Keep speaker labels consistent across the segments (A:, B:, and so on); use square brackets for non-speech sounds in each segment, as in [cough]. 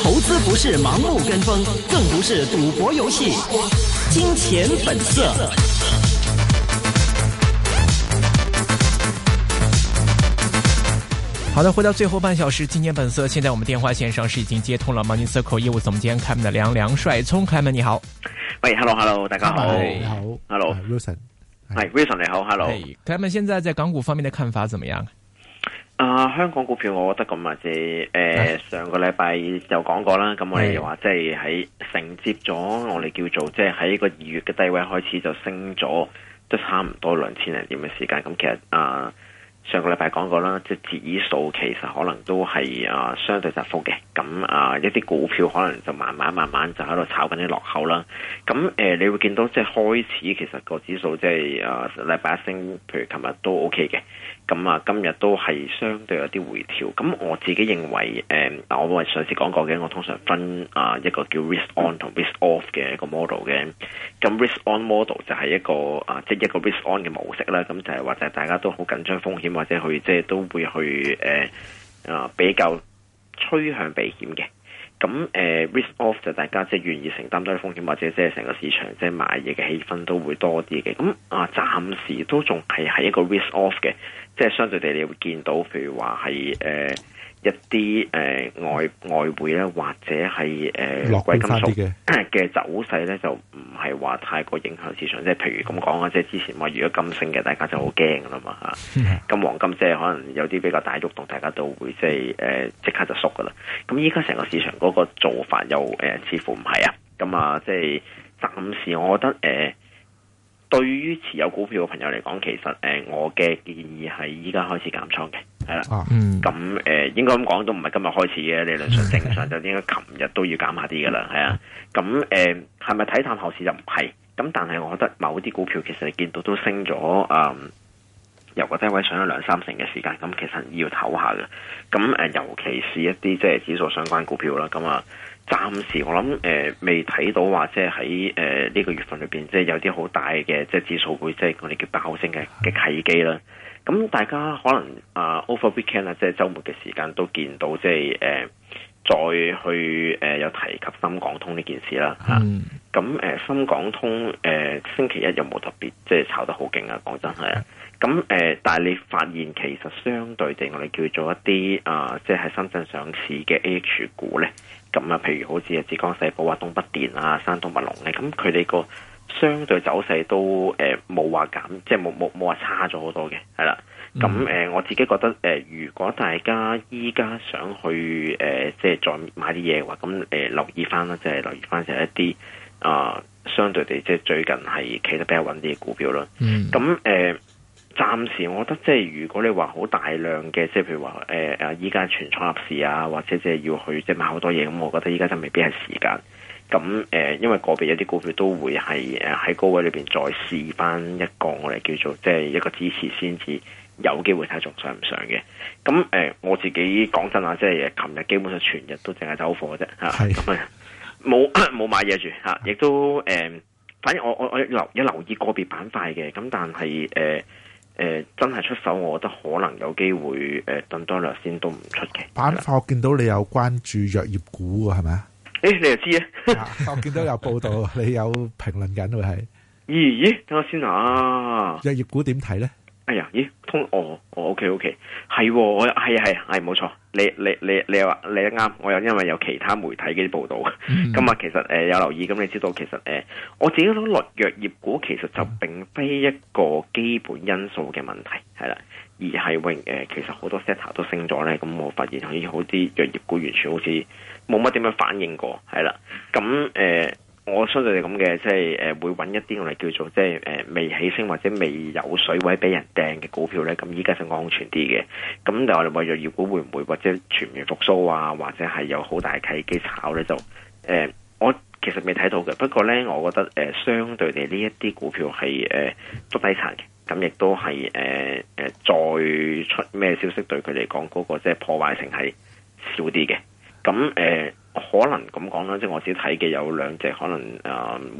A: 投資不是盲目跟風，更不是賭博遊戲。金錢本色。
B: 好的，回到最後半小時，金錢本色。現在我們電話線上是已經接通了 Money Circle 業務總監 Clement 的梁梁帥聰，Clement 你好。
A: 喂，Hello Hello，大家好。你好，Hello Wilson，係 Wilson 你好，Hello。
B: Clement 現在在港股方面的看法怎麼樣？
A: 啊、呃，香港股票我覺得咁啊，即係誒， [noise] 上個禮拜又講過啦，咁我哋又話即係喺承接咗我哋叫做即係喺個二月嘅低位開始就升咗，都差唔多兩千零點嘅時間。咁其實啊、呃，上個禮拜講過啦，即係指數其實可能都係啊、呃、相對窄幅嘅。咁啊、呃，一啲股票可能就慢慢慢慢就喺度炒緊啲落口啦。咁誒、呃，你會見到即係開始其實個指數即係啊，禮、呃、拜一升，譬如琴日都 OK 嘅。咁啊，今日都係相對有啲回調，咁我自己認為，誒、呃，我咪上次講過嘅，我通常分啊一個叫 risk on 同 risk off 嘅一個 model 嘅。咁 risk on model 就係一個啊、呃，即係一個 risk on 嘅模式啦。咁就係或者大家都好緊張風險，或者去即係、就是、都會去誒啊、呃、比較趨向避險嘅。咁誒，uh，risk off 就大家即係願意承擔多啲風險，或者即係成個市場即係買嘢嘅氣氛都會多啲嘅。咁啊，暫時都仲係喺一個 risk off 嘅，即係相對地你會見到，譬如話係誒。Uh, 一啲誒、呃、外外匯咧，或者係、呃、落貴金屬嘅走勢咧，嗯、就唔係話太過影響市場。即係譬如咁講啊，即係之前話如果金升嘅，大家就好驚噶啦嘛嚇。咁、啊嗯、黃金即係可能有啲比較大喐動，大家都會即係誒即刻就縮噶啦。咁依家成個市場嗰個做法又誒、呃、似乎唔係啊。咁啊，即係暫時，我覺得誒、呃、對於持有股票嘅朋友嚟講，其實誒、呃、我嘅建議係依家開始減倉嘅。係啦，咁誒、呃，應該咁講，都唔係今日開始嘅，理論上正常 [laughs] 就應該琴日都要減下啲噶啦，係啊，咁誒，係咪睇淡後市又唔係？咁但係我覺得某啲股票其實你見到都升咗，誒、呃，由個低位上咗兩三成嘅時間，咁其實要唞下嘅。咁誒、呃，尤其是一啲即係指數相關股票啦，咁啊，暫時我諗誒、呃、未睇到話即係喺誒呢個月份裏邊即係有啲好大嘅即係指數會即係我哋叫爆升嘅契機啦。咁大家可能啊 Over Weekend 咧，即係周末嘅時間都見到即係誒，再去誒、呃、有提及深港通呢件事啦
B: 吓。
A: 咁誒、mm. 呃、深港通誒、呃、星期一有冇特別即係炒得好勁啊？講真係啊。咁誒、呃，但係你發現其實相對地，我哋叫做一啲啊，即係喺深圳上市嘅 H 股咧，咁啊，譬如好似啊浙江世寶啊、東北電啊、山東墨龍咧，咁佢哋個。相對走勢都誒冇話減，即係冇冇冇話差咗好多嘅，係啦。咁誒、呃，我自己覺得誒、呃，如果大家依家想去誒、呃，即係再買啲嘢嘅話，咁誒、呃、留意翻啦，即係留意翻就係一啲啊、呃，相對地即係最近係企得比較穩啲嘅股票咯。咁誒、嗯，暫、呃、時我覺得即係如果你話好大量嘅，即係譬如話誒誒，依、呃、家全倉入市啊，或者即係要去即係買好多嘢，咁我覺得依家就未必係時間。咁誒、呃，因為個別有啲股票都會係誒喺高位裏邊再試翻一個我哋叫做即係一個支持先至有機會睇，仲上唔上嘅。咁誒、呃，我自己講真啊，即係琴日基本上全日都淨係走貨啫吓，係咁冇冇買嘢住吓，亦、啊、是都誒、呃，反正我我我留有留意個別板塊嘅，咁但係誒誒真係出手，我覺得可能有機會誒、呃、等多略
C: 先都唔出奇。板塊我見到你有關注藥業股嘅係咪啊？.誒、欸，你又知 [laughs] 啊？我見到有報道， [laughs] 你有評論緊佢係。咦咦、 [laughs] 欸，等我先啊！藥業股點睇咧？
A: 哎呀，咦通哦哦，OK OK，係、哦、我係啊係係，冇錯。你你你你又話你一啱，我又因為有其他媒體嘅報道。今日、嗯嗯、其實誒、呃、有留意，咁你知道其實誒、呃，我自己諗落藥業，業股其實就並非一個基本因素嘅問題，係啦、嗯。而係永、呃、其實好多 setter 都升咗咧，咁我發現好似好啲藥業股完全好似冇乜點樣反應過，係啦。咁誒、呃，我相信你咁嘅，即係誒、呃、會揾一啲我哋叫做即係誒、呃、未起升或者未有水位俾人掟嘅股票咧。咁依家就安全啲嘅。咁但係我哋話藥業股會唔會或者全面復甦啊，或者係有好大契機炒咧？就誒、呃，我其實未睇到嘅。不過咧，我覺得誒、呃，相對嚟呢一啲股票係誒篤低炒嘅。咁亦都係誒誒，再出咩消息對佢嚟講，嗰個即係破壞性係少啲嘅。咁誒、呃，可能咁講啦，即係我只睇嘅有兩隻可能誒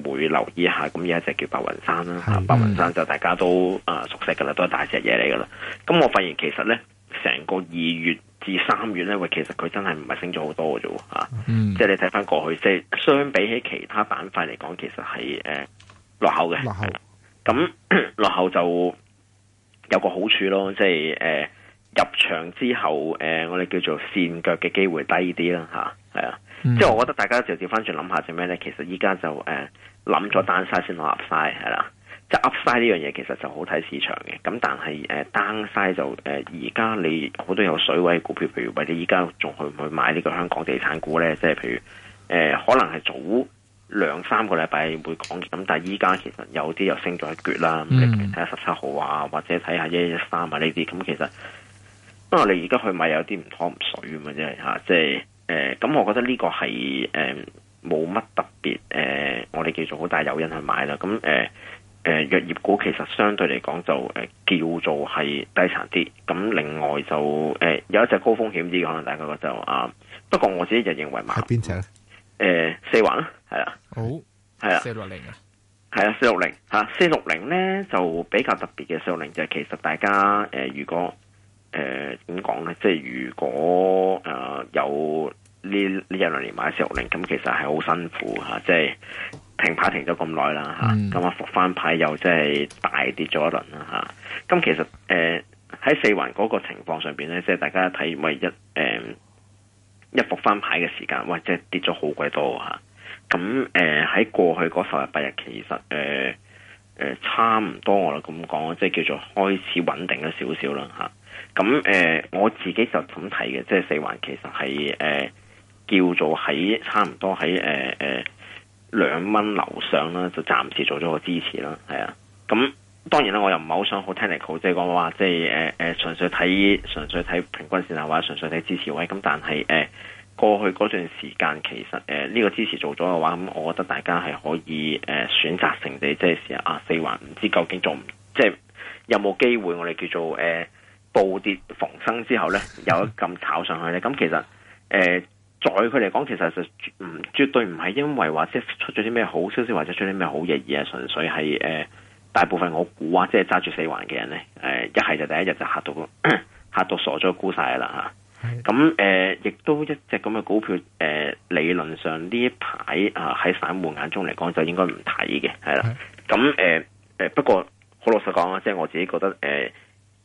A: 會、呃、留意一下。咁有一隻叫白雲山啦，嗯、白雲山就大家都誒、呃、熟悉噶啦，都係大隻嘢嚟噶啦。咁我發現其實咧，成個二月至三月咧，喂、呃，其實佢真係唔係升咗好多嘅啫，吓、啊，嗯、即係你睇翻過去，即係相比起其他板塊嚟講，其實係誒、呃、落後嘅。落口 咁落 [noise] 後就有個好處咯，即係誒、呃、入場之後誒、呃，我哋叫做跣腳嘅機會低啲啦，吓係啊， [noise] 即係我覺得大家就調翻轉諗下就咩咧，其實依家就誒諗咗 d 曬先攞 up side 係啦，即、就是、up side 呢樣嘢其實就好睇市場嘅，咁但係誒 d o 就誒而家你好多有水位股票，譬如或者依家仲去唔去買呢個香港地產股咧，即係譬如誒、呃、可能係早。兩三個禮拜會講咁，但係依家其實有啲又升咗一橛啦。睇下十七號啊，或者睇下一一三啊呢啲，咁其實啊，你而家去買有啲唔妥唔水啊嘛，即係吓，即係誒，咁、嗯、我覺得呢個係誒冇乜特別誒、呃，我哋叫做好大誘因去買啦。咁誒誒，藥、呃、業股其實相對嚟講就誒、呃、叫做係低殘啲。咁、啊、另外就誒、呃、有一隻高風險啲，可能大家覺就啊，不過我自己就認為買邊隻誒，四環啦。係、哦、的啊，好
C: 係啊，四六零
A: 啊，係啊，四六零吓，四六零咧就比較特別嘅四六零，就係其實大家誒、呃，如果誒點講咧，即、呃、係、就是、如果誒、呃、有呢呢一兩年買四六零，咁其實係好辛苦吓，即、啊、係、就是、停牌停咗咁耐啦吓，咁啊復翻、嗯、牌又即係大跌咗一輪啦吓，咁、啊啊、其實誒喺、呃、四環嗰個情況上邊咧，即、就、係、是、大家睇，喂、呃、一誒、呃、一復翻牌嘅時間，哇即係跌咗好鬼多吓。啊咁誒喺過去嗰十日八日，其實誒誒、呃呃、差唔多，我就咁講，即係叫做開始穩定咗少少啦吓。咁、啊、誒、呃、我自己就咁睇嘅，即係四環其實係誒、呃、叫做喺差唔多喺誒誒兩蚊樓上啦，就暫時做咗個支持啦，係啊。咁、嗯、當然啦，我又唔係好想好 technical，即係講話即係誒誒純粹睇純粹睇平均線啊，或者純粹睇支持位咁，但係誒。呃過去嗰段時間，其實誒呢、呃這個支持做咗嘅話，咁我覺得大家係可以誒、呃、選擇性地即係試下啊，四環，唔知究竟做唔？即係有冇機會我哋叫做誒暴跌逢生之後咧有一咁炒上去咧。咁其實誒、呃、在佢嚟講，其實就唔絕，絕對唔係因為話即係出咗啲咩好消息或者出啲咩好嘢，而係純粹係誒、呃、大部分我估啊，即係揸住四環嘅人咧，誒一係就第一日就吓到吓到傻咗沽晒啦吓！咁誒，亦、呃、都一隻咁嘅股票誒、呃，理論上呢一排啊喺散戶眼中嚟講，就應該唔睇嘅，係啦。咁誒誒，不過好老實講啊，即係我自己覺得誒誒，唔、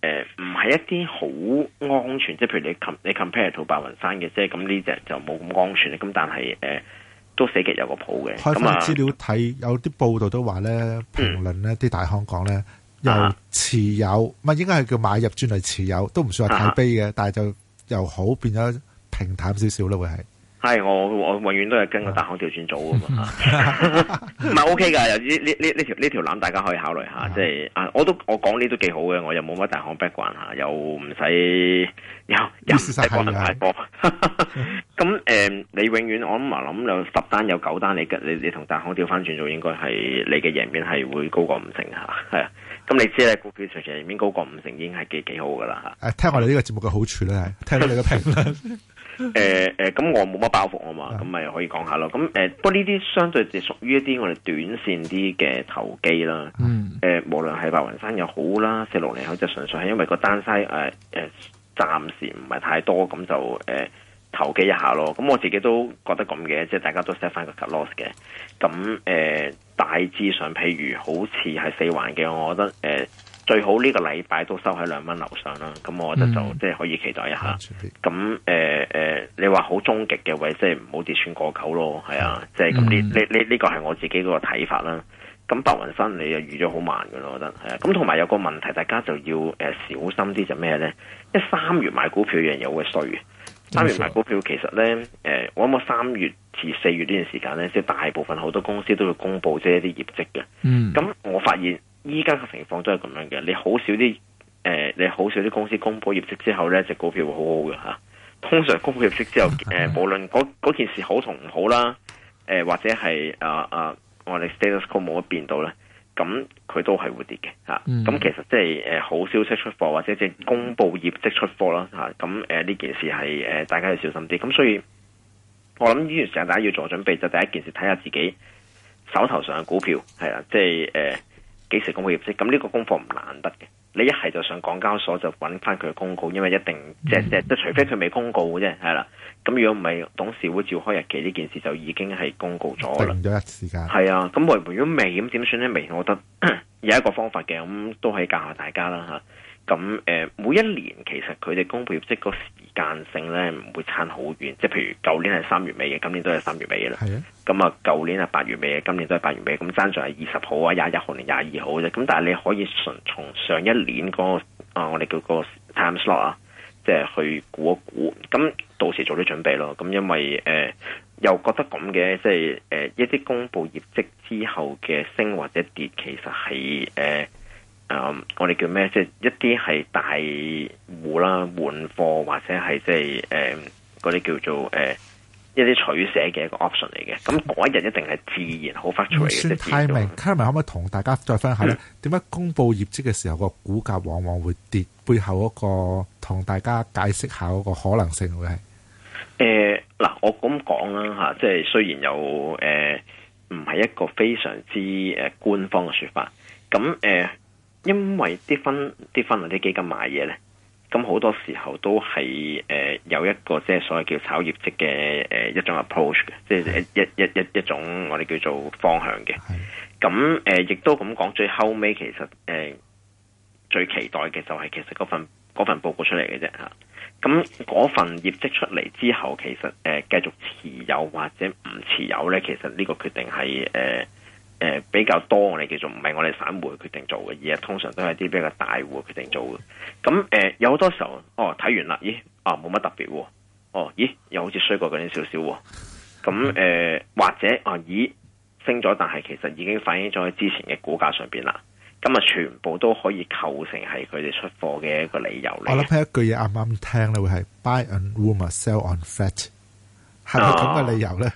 A: 呃、係、呃、一啲好安全，即係譬如你 com 你 compare 同白雲山嘅，即係咁呢隻就冇咁安全。咁但係誒、呃，都死極有個
C: 譜嘅。開翻資料睇，那有啲報道都話咧，評論呢啲、嗯、大行講咧，又持有，唔係、嗯嗯、應該係叫買入轉嚟持有，都唔算話太悲嘅，但係就。又好變咗平淡少少咯，會係
A: 係我我永遠都係跟個大行調轉做噶嘛，唔係 [laughs] [laughs] OK 噶，呢呢呢條呢條攬大家可以考慮下，uh huh. 即係啊我都我講呢都幾好嘅，我又冇乜大行 background 吓，又唔使這實 又又唔使幫得太多。咁誒的、 [laughs] 嗯、你永遠我諗啊諗有十單有九單你你你同大行調翻轉做，應該係你嘅贏面係會高過五成吓，係啊。咁、嗯、你知咧，股票上場入面高過五成已經係幾幾好噶啦嚇！
C: 誒、啊，聽我哋呢個節目嘅好處咧，係 [laughs] 聽到你嘅評論。誒
A: 誒、呃，咁、呃呃、我冇乜包袱啊嘛，咁咪是的 可以講下咯。咁、嗯、誒，不過呢啲相對就屬於一啲我哋短線啲嘅投機啦。誒，無論係白雲山又好啦，四六零口就純粹係因為個單西誒誒，暫時唔係太多，咁就誒。呃投機一下咯，咁我自己都覺得咁嘅，即係大家都 set 翻個 cut loss 嘅。咁誒、呃、大致上，譬如好似係四環嘅，我覺得誒、呃、最好呢個禮拜都收喺兩蚊樓上啦。咁我覺得就即係、嗯、可以期待一下。咁誒誒，你話好終極嘅位，即係唔好跌穿過口咯，係啊，即係咁。呢呢呢個係我自己嗰個睇法啦。咁白雲山你又預咗好慢嘅咯，我覺得。咁同埋有個問題，大家就要誒小心啲，就咩咧？一三月買股票一樣有個衰。三月買股票其實咧，誒、呃，我諗我三月至四月呢段時間咧，即係大部分好多公司都會公布即係一啲業績嘅。嗯，咁我發現依家嘅情況都係咁樣嘅，你好少啲誒、呃，你好少啲公司公布業績之後咧，隻股票會好好嘅嚇。通常公布業績之後，誒、mm. 呃，無論嗰件事好同唔好啦，誒、呃，或者係啊啊，我哋 status quo 冇得變到咧。咁佢都係會跌嘅，吓咁、嗯、其實即係誒好消息出貨或者即係公布業績出貨啦，吓咁誒呢件事係誒、啊、大家要小心啲，咁、啊、所以我諗呢段時間大家要做準備，就是，第一件事睇下自己手頭上嘅股票係啦，即係誒。就是啊幾時公布業績？咁、這、呢個功課唔難得嘅，你一係就上港交所就揾翻佢嘅公告，因為一定即係即係，除非佢未公告嘅啫，係啦。咁如果唔係董事會召開日期呢件事就已經係公告咗啦。停
C: 咗一時間。
A: 係啊，咁如果未咁點算呢？未，我覺得有一個方法嘅，咁都係教下大家啦嚇。咁、啊、誒，每一年其實佢哋公布業績個時。間性咧唔會差好遠，即係譬如舊年係三月尾嘅，今年都係三月尾啦。係啊的，咁啊，舊年係八月尾嘅，今年都係八月尾，咁爭上係二十號啊，廿一號定廿二號啫。咁但係你可以從從上一年嗰、那個啊，我哋叫個 time slot 啊，即係去估一估，咁到時做啲準備咯。咁因為誒、呃、又覺得咁嘅，即係誒、呃、一啲公布業績之後嘅升或者跌，其實係誒。呃誒、嗯，我哋叫咩？即係一啲係大戶啦，換貨或者係即係誒，嗰、呃、啲叫做誒、呃、一啲取捨嘅一個 option 嚟嘅。咁嗰一日一定係自然好發出嚟嘅。孫太明，
C: 太明可唔可以同大家再分享咧？點解、嗯、公布業績嘅時候、個股價往往會跌？背後嗰個同大家解釋下嗰個可能性會係
A: 誒嗱，我咁講啦吓，即係雖然有誒唔係一個非常之誒官方嘅說法，咁誒。呃呃因為啲分、啲分或者基金買嘢呢，咁好多時候都係誒、呃、有一個即係所謂叫炒業績嘅誒一種 approach 嘅，即、就、係、是、一一一一種我哋叫做方向嘅。咁誒亦都咁講，最後尾其實誒、呃、最期待嘅就係其實嗰份、嗰份報告出嚟嘅啫吓。咁、啊、嗰份業績出嚟之後，其實誒繼、呃、續持有或者唔持有呢，其實呢個決定係誒。呃誒、呃，比較多我哋叫做唔係我哋散戶決定做嘅，而係通常都係啲比較大戶決定做嘅。咁、嗯、誒、呃，有好多時候，哦，睇完啦，咦，啊，冇乜特別喎，哦，咦，又好似衰過嗰啲少少喎。咁、嗯、誒、呃，或者啊，咦，升咗，但係其實已經反映咗喺之前嘅股價上邊啦。咁、嗯、啊，全部都可以構成係佢哋出貨嘅一個理由嚟。我諗
C: 起一句嘢啱啱聽咧，會係 buy on rumor, sell on fact 係咪咁嘅理由咧
A: 啊？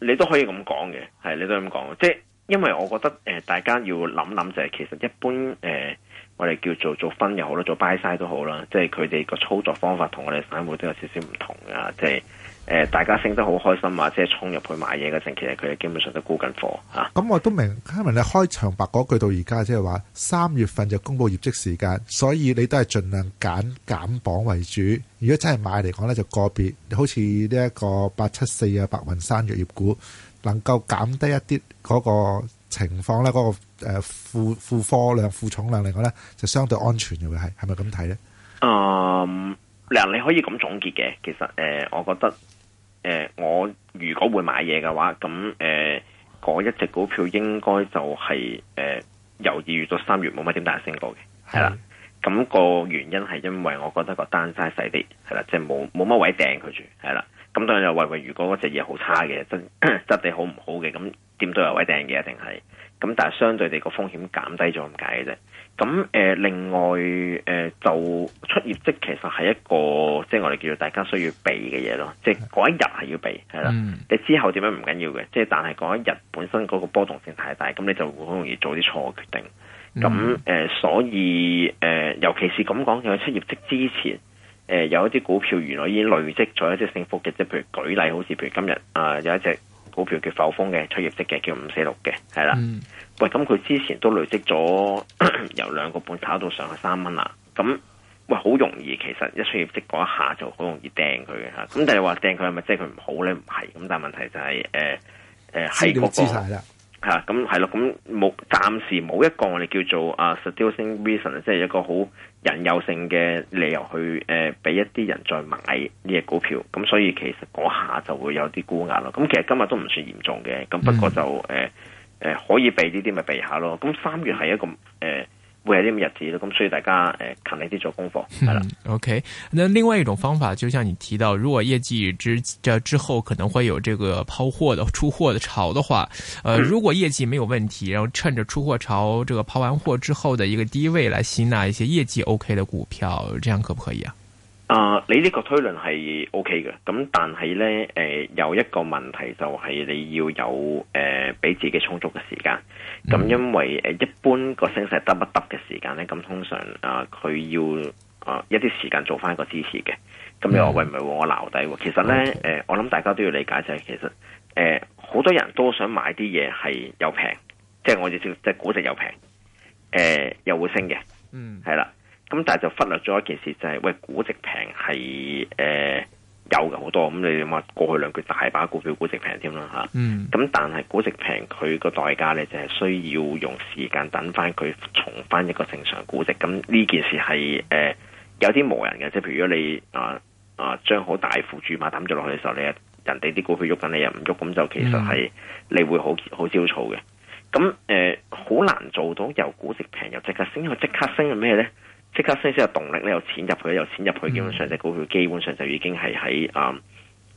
A: 你都可以咁講嘅，係你都可以咁講，即、就、係、是。因為我覺得誒、呃，大家要諗諗就係、是，其實一般誒、呃，我哋叫做做分又好啦，做 buy side 都好啦，即係佢哋個操作方法我會同我哋散戶都有少少唔同啊！即係誒、呃，大家升得好開心啊，即係衝入去買嘢嗰陣，其實佢哋基本上都沽緊貨啊！
C: 咁、嗯、我都明，因為你開場白嗰句到而家，即係話三月份就公布業績時間，所以你都係盡量揀減磅為主。如果真係買嚟講咧，就個別，好似呢一個八七四啊，白雲山藥業股。能夠減低一啲嗰個情況咧，嗰、那個誒負負貨量副重量嚟講咧，就相對安全嘅會係，係咪咁睇
A: 咧？嗯，嗱，你可以咁總結嘅。其實誒、呃，我覺得誒、呃，我如果會買嘢嘅話，咁誒，嗰、呃、一隻股票應該就係、是、誒、呃，由二月到三月冇乜點大升過嘅，係啦的。咁、那個原因係因為我覺得個單 s i 細啲，係啦，即係冇冇乜位掟佢住，係啦。咁當然又為喂，如果嗰隻嘢好差嘅，質地好唔好嘅，咁點都有位訂嘅，一定係。咁但係相對地個風險減低咗，咁解嘅啫。咁、呃、誒，另外誒、呃，就出業績其實係一個，即、就、係、是、我哋叫做大家需要避嘅嘢咯。即係嗰一日係要避，係啦。嗯、你之後點樣唔緊要嘅，即係但係嗰一日本身嗰個波動性太大，咁你就會好容易做啲錯嘅決定。咁誒、嗯呃，所以誒、呃，尤其是咁講，喺出業績之前。誒、呃，有一啲股票原來已經累積咗一啲升幅嘅，即係譬如舉例，好似譬如今日啊、呃，有一隻股票叫阜豐嘅出業績嘅，叫五四六嘅，係啦。嗯、喂，咁佢之前都累積咗 [coughs] 由兩個半炒到上去三蚊啦。咁喂，好容易，其實一出業績嗰一下就好容易掟佢嘅吓。咁的但係話掟佢係咪即係佢唔好咧？唔係。咁但係問題就係誒誒，係嗰個。吓咁係咯，咁冇、啊嗯、暫時冇一個我哋叫做啊 statistical reason 即係一個好人有性嘅理由去誒，俾、呃、一啲人再買呢隻股票，咁、嗯、所以其實嗰下就會有啲沽壓咯。咁其實今日都唔算嚴重嘅，咁不過就誒誒可以避呢啲咪避下咯。咁、嗯、三月係一個誒。呃會係啲咁日子，咁所以大家誒勤力啲做功
B: 課，係啦、嗯。OK，那另外一種方法，就像你提到，如果業績之即之後可能會有這個拋貨的出貨的潮的話，呃，嗯、如果業績沒有問題，然後趁着出貨潮，這個拋完貨之後的一個低位來吸納一些業績 OK 的股票，這樣可不可以啊？
A: 啊、呃！你呢個推論係 OK 嘅，咁但係呢，誒、呃、有一個問題就係你要有誒俾、呃、自己充足嘅時間，咁、嗯、因為誒、呃、一般個升勢得不得嘅時間呢，咁、嗯、通常啊佢、呃、要啊、呃、一啲時間做翻一個支持嘅，咁你話喂唔係我留底，嗯嗯、其實呢，誒、呃、我諗大家都要理解就係、是、其實誒好、呃、多人都想買啲嘢係又平，即、就、係、是、我意思即係估值又平、呃，又會升嘅，嗯係啦。咁但係就忽略咗一件事，就是，就係喂估值平係誒有嘅好多，咁你話過去兩月大把股票估值平添啦吓。咁、啊嗯、但係估值平佢個代價咧，就係、是、需要用時間等翻佢重翻一個正常估值。咁呢件事係誒有啲磨人嘅，即係譬如如果你啊啊將好大幅注碼抌咗落去嘅時候，你人哋啲股票喐緊，你又唔喐，咁就其實係你會好好焦躁嘅。咁誒好難做到由估值平又即刻升，去即刻升係咩咧？即刻升少少動力咧，有錢入去，有錢入去，基本上隻股票基本上就已經係喺啊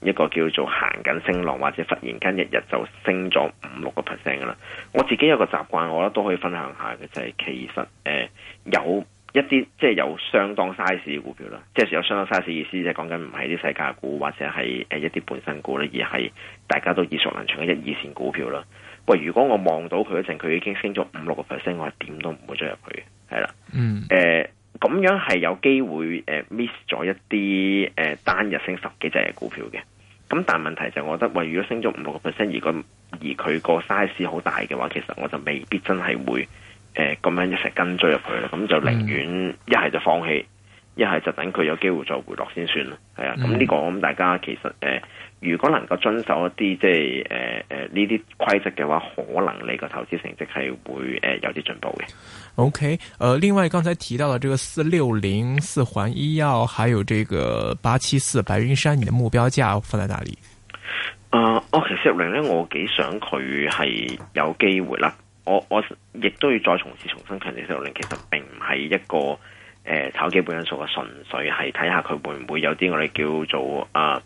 A: 一個叫做行緊升浪，或者忽然間一日就升咗五六個 percent 噶啦。我自己有個習慣，我覺得都可以分享下嘅就係、是、其實誒、呃、有一啲即係有相當 size 股票啦，即、就、係、是、有相當 size 意思，即係講緊唔係啲世界股或者係誒一啲本身股咧，而係大家都耳熟能詳嘅一二線股票啦。喂、呃，如果我望到佢嗰陣，佢已經升咗五六個 percent，我係點都唔會追入去嘅，係啦，嗯，呃咁樣係有機會誒、呃、miss 咗一啲誒、呃、單日升十幾隻嘅股票嘅，咁但係問題就係我覺得，喂、呃，如果升咗五六個 percent，而佢而佢個 size 好大嘅話，其實我就未必真係會誒咁、呃、樣一齊跟追入去啦，咁就寧願一係就放棄。一係就等佢有機會再回落先算啦，係啊，咁呢、這個咁大家其實誒、呃，如果能夠遵守一啲即係誒誒呢啲規則嘅話，可能你個投資成績係會誒、呃、有啲進步嘅。
B: OK，誒、呃，另外剛才提到嘅這個四六零、四環醫藥，還有這個八七四、白雲山，你的目標價放在哪裡？
A: 誒，哦，其實四六零咧，我幾想佢係有機會啦。我我亦都要再重新重新強調四六零，其實並唔係一個。誒，炒、呃、基本因素嘅純粹係睇下佢會唔會有啲我哋叫做啊，誒、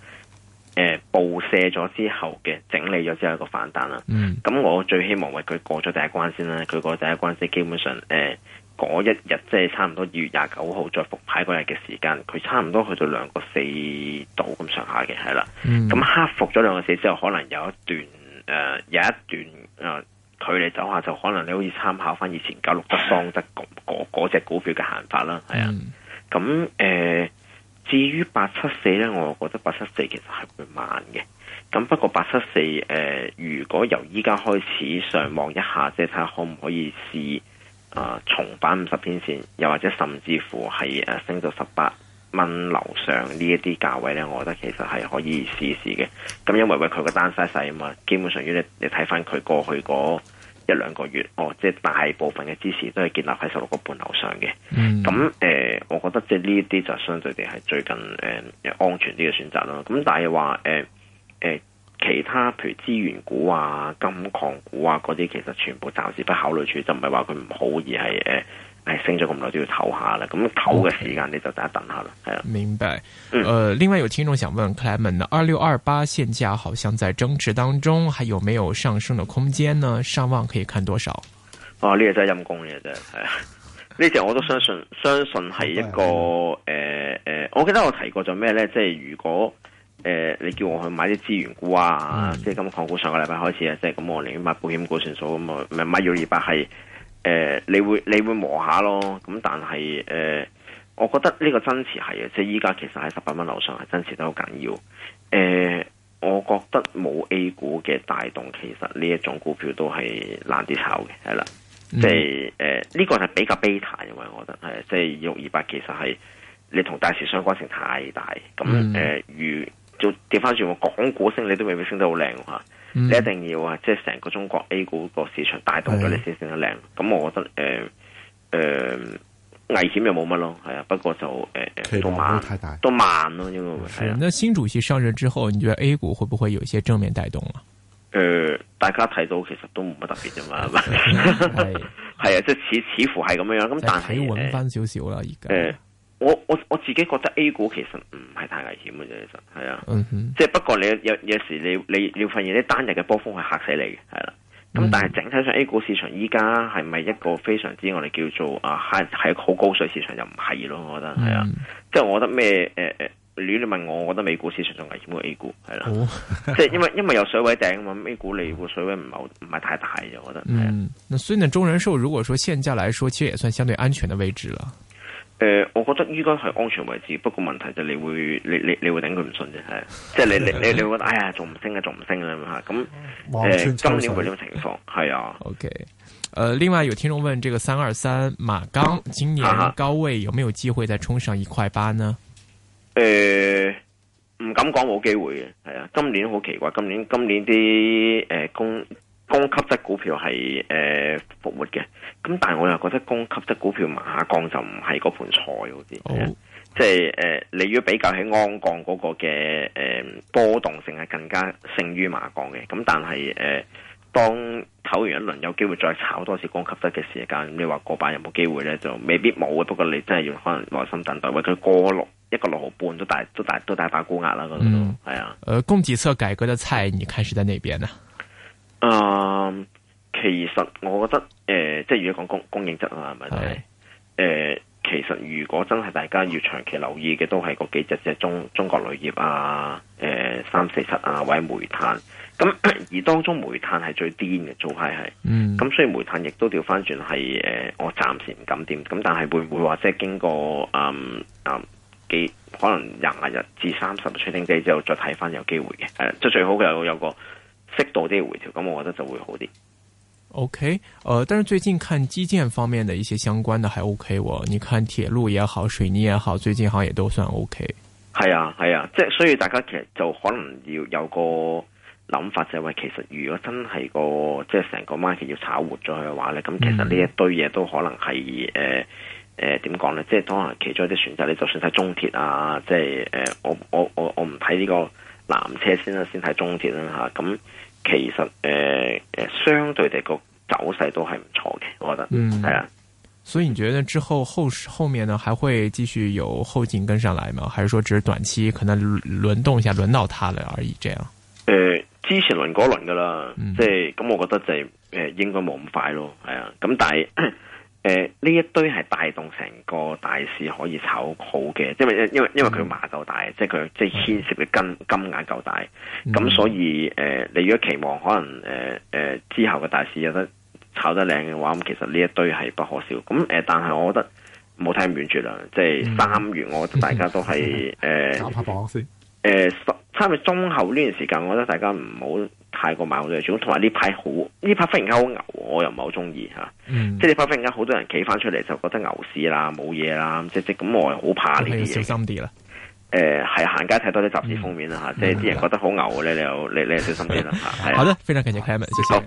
A: 呃，爆瀉咗之後嘅整理咗之後個反彈啦。咁、mm. 我最希望為佢過咗第一關先啦。佢過，第一，過第一關先，基本上，誒、呃，嗰一日即係差唔多二月廿九號再復牌嗰日嘅時間，佢差唔多去到兩個四度咁上下嘅係啦。咁、mm. 克服咗兩個四之後，可能有一段誒、呃，有一段啊。呃佢嚟走下，就可能你可以參考返以前九六得、桑得、嗰嗰嗰隻股票嘅行法啦，係啊。咁 [noise] 誒、呃，至於八七四呢，我覺得八七四其實係會慢嘅。咁不過八七四誒，如果由依家開始上望一下即啫，睇下可唔可以試啊、呃、重返五十天線，又或者甚至乎係誒升到十八。蚊樓上呢一啲價位咧，我覺得其實係可以試一試嘅。咁因為佢個單 size 細啊嘛，基本上要你你睇翻佢過去嗰一兩個月，哦，即係大部分嘅支持都係建立喺十六個半樓上嘅。咁誒，我覺得即係呢一啲就相對地係最近誒安全啲嘅選擇啦。咁但係話誒誒其他譬如資源股啊、金礦股啊嗰啲，其實全部暫時不考慮住，就唔係話佢唔好而係誒。係、哎、升咗咁耐都要唞下啦，咁唞嘅時間你就等一等下啦，係啦 Okay.。
B: 明白。嗯。誒，另外有聽眾想問 Clement 呢二六二八現價好像在爭持當中，還有沒有上升嘅空間呢？上望可以看多少？
A: 哦、啊，呢、這個真係陰功嘅。真係。啊。呢隻我都相信，相信係一個誒誒、呃呃，我記得我提過咗咩呢？即、就、係、是、如果誒、呃、你叫我去買啲資源股啊，嗯、即係咁港股上個禮拜開始啊，即係咁寧願買保險股算數咁啊，買二二八係。誒、呃，你會你會磨下咯，咁但係誒、呃，我覺得呢個真時係啊，即係依家其實喺十八蚊樓上係真時得好緊要。誒、呃，我覺得冇 A 股嘅帶動，其實呢一種股票都係難啲炒嘅，係啦，嗯、即係誒呢個係比較 beta 嘅，我覺得係，即係二六二八其實係你同大市相關性太大，咁誒、嗯呃、如就掉返轉話港股升，你都未必升得好靚吓。你、嗯、一定要啊，即係成個中國 A 股個市場帶動咗你先升得靚。咁、嗯、我覺得誒誒、呃呃、危險又冇乜咯，係啊。不過就誒，呃、中都慢咯，因為
B: 係。嗯啊、那新主席上任之後，你覺得 A 股會唔會有一些正面帶動啊？誒、
A: 呃，大家睇到其實都冇乜特別啫嘛。係係啊，即係、哎、 [laughs] 似似,似乎係咁樣樣。咁但係誒，
B: 係穩翻少少啦，而、呃、家。
A: 我我我自己覺得 A 股其實唔係太危險嘅啫，其實係啊，即係、嗯、哼不過你有有時你你你要發現啲單日嘅波峰係嚇死你嘅，係啦。咁但係整體上 A 股市場依家係咪一個非常之我哋叫做啊係係好高水市場又唔係咯，我覺得係啊。即係、嗯、我覺得咩誒誒，如、呃、你問我，我覺得美股市場仲危險過 A 股，係啦。即係、哦、 [laughs] 因為因為有水位頂咁 A 股你嘅水位唔係唔係太大嘅，我覺得。
B: 嗯，那所以呢，中人壽如果說現價嚟講，其實也算相對安全嘅位置啦。
A: 誒、呃，我覺得應該係安全位置，不過問題就係你會，你你你會頂佢唔順啫，係， [laughs] 即係你你你你會覺得，哎呀，仲唔升啊，仲唔升啊咁，呃、今年係咁嘅情
B: 況，係啊，OK，誒、呃，另外有聽眾問，這個三二三馬鋼今年高位有沒有機會再衝上一塊八呢？誒、
A: 呃，唔敢講冇機會嘅，係啊，今年好奇怪，今年今年啲誒工。呃工供給側股票係誒復活嘅，咁、呃、但係我又覺得供給側股票馬鋼就唔係嗰盤菜好啲，oh. 即係誒你要比較起鞍鋼嗰個嘅誒、呃、波動性係更加勝於馬鋼嘅，咁但係誒、呃、當唞完一輪，有機會再炒多次供給側嘅時間，你話過板有冇機會咧？就未必冇嘅，不過你真係要可能耐心等待，或佢過六一個六號半都大都大都大把沽壓啦嗰種，係啊。誒、mm.
B: 嗯，供給側改革嘅菜，你開始喺那邊呢？
A: 誒，um, 其實我覺得誒、呃，即係如果講供供應側啊，係咪？誒 Okay.、呃，其實如果真係大家要長期留意嘅，都係嗰幾隻即中中國鋁業啊，誒、呃，三四七啊，或者煤炭。咁而當中煤炭係最癲嘅做派係，咁、mm. 嗯、所以煤炭亦都調翻轉係誒、呃，我暫時唔敢掂。咁但係會唔會話即係經過誒誒、嗯啊、幾可能廿日至三十日吹頂底之後，再睇翻有機會嘅？誒、嗯，即係最好嘅有好有個。適度啲回調，咁我覺得就會
B: 好啲。O、okay, K，呃，但是最近看基建方面的一些相關的，還 O K。我，你看鐵路也好，水泥也好，最近行像也都算 O、OK、K。
A: 係啊，係啊，即係所以大家其實就可能要有個諗法，就係、是、喂，其實如果真係個即係成個 market 要炒活咗嘅話呢，咁、嗯、其實呢一堆嘢都可能係誒誒點講呢，即係當然其中一啲選擇，你就算睇中鐵啊，即係誒、呃、我我我我唔睇呢個南車先啦，先睇中鐵啦吓咁。啊。其實誒誒、呃，相對地個走勢都係唔錯嘅，我覺得，係、嗯、啊。
B: 所以你覺得之後後後面呢，還會繼續有後勁跟上來嗎？還是說只是短期可能輪動一下，輪到他了而已？這樣？
A: 誒、呃，之前輪過一輪噶啦，嗯、即係咁，我覺得就係、是、誒、呃，應該冇咁快咯，係啊。咁但係。 [coughs] 誒，呢、呃、一堆係帶動成個大市可以炒好嘅，因為因為因為佢麻夠大，嗯、即係佢即係牽涉嘅金金額夠大，咁、嗯、所以誒、呃，你如果期望可能誒誒、呃呃、之後嘅大市有得炒得靚嘅話，咁其實呢一堆係不可少。咁、嗯、誒、呃，但係我覺得冇睇唔完住啦，即係三月，我覺得大家都係誒。嗯 [laughs] 呃誒，十日、呃、中後呢段時間，我覺得大家唔好太過買好多嘢，同埋呢排好呢排忽然間好牛，我又唔係好中意吓。嗯，即係呢排忽然間好多人企翻出嚟，就覺得牛市啦，冇嘢啦，即即咁我又好怕呢啲嘢，你小心啲啦。誒、呃，係行街睇多啲雜誌封面啦吓，嗯、即係啲人覺得好牛咧、嗯，你你你小心啲啦吓。嗯 [laughs] 啊、好的，非常感謝,謝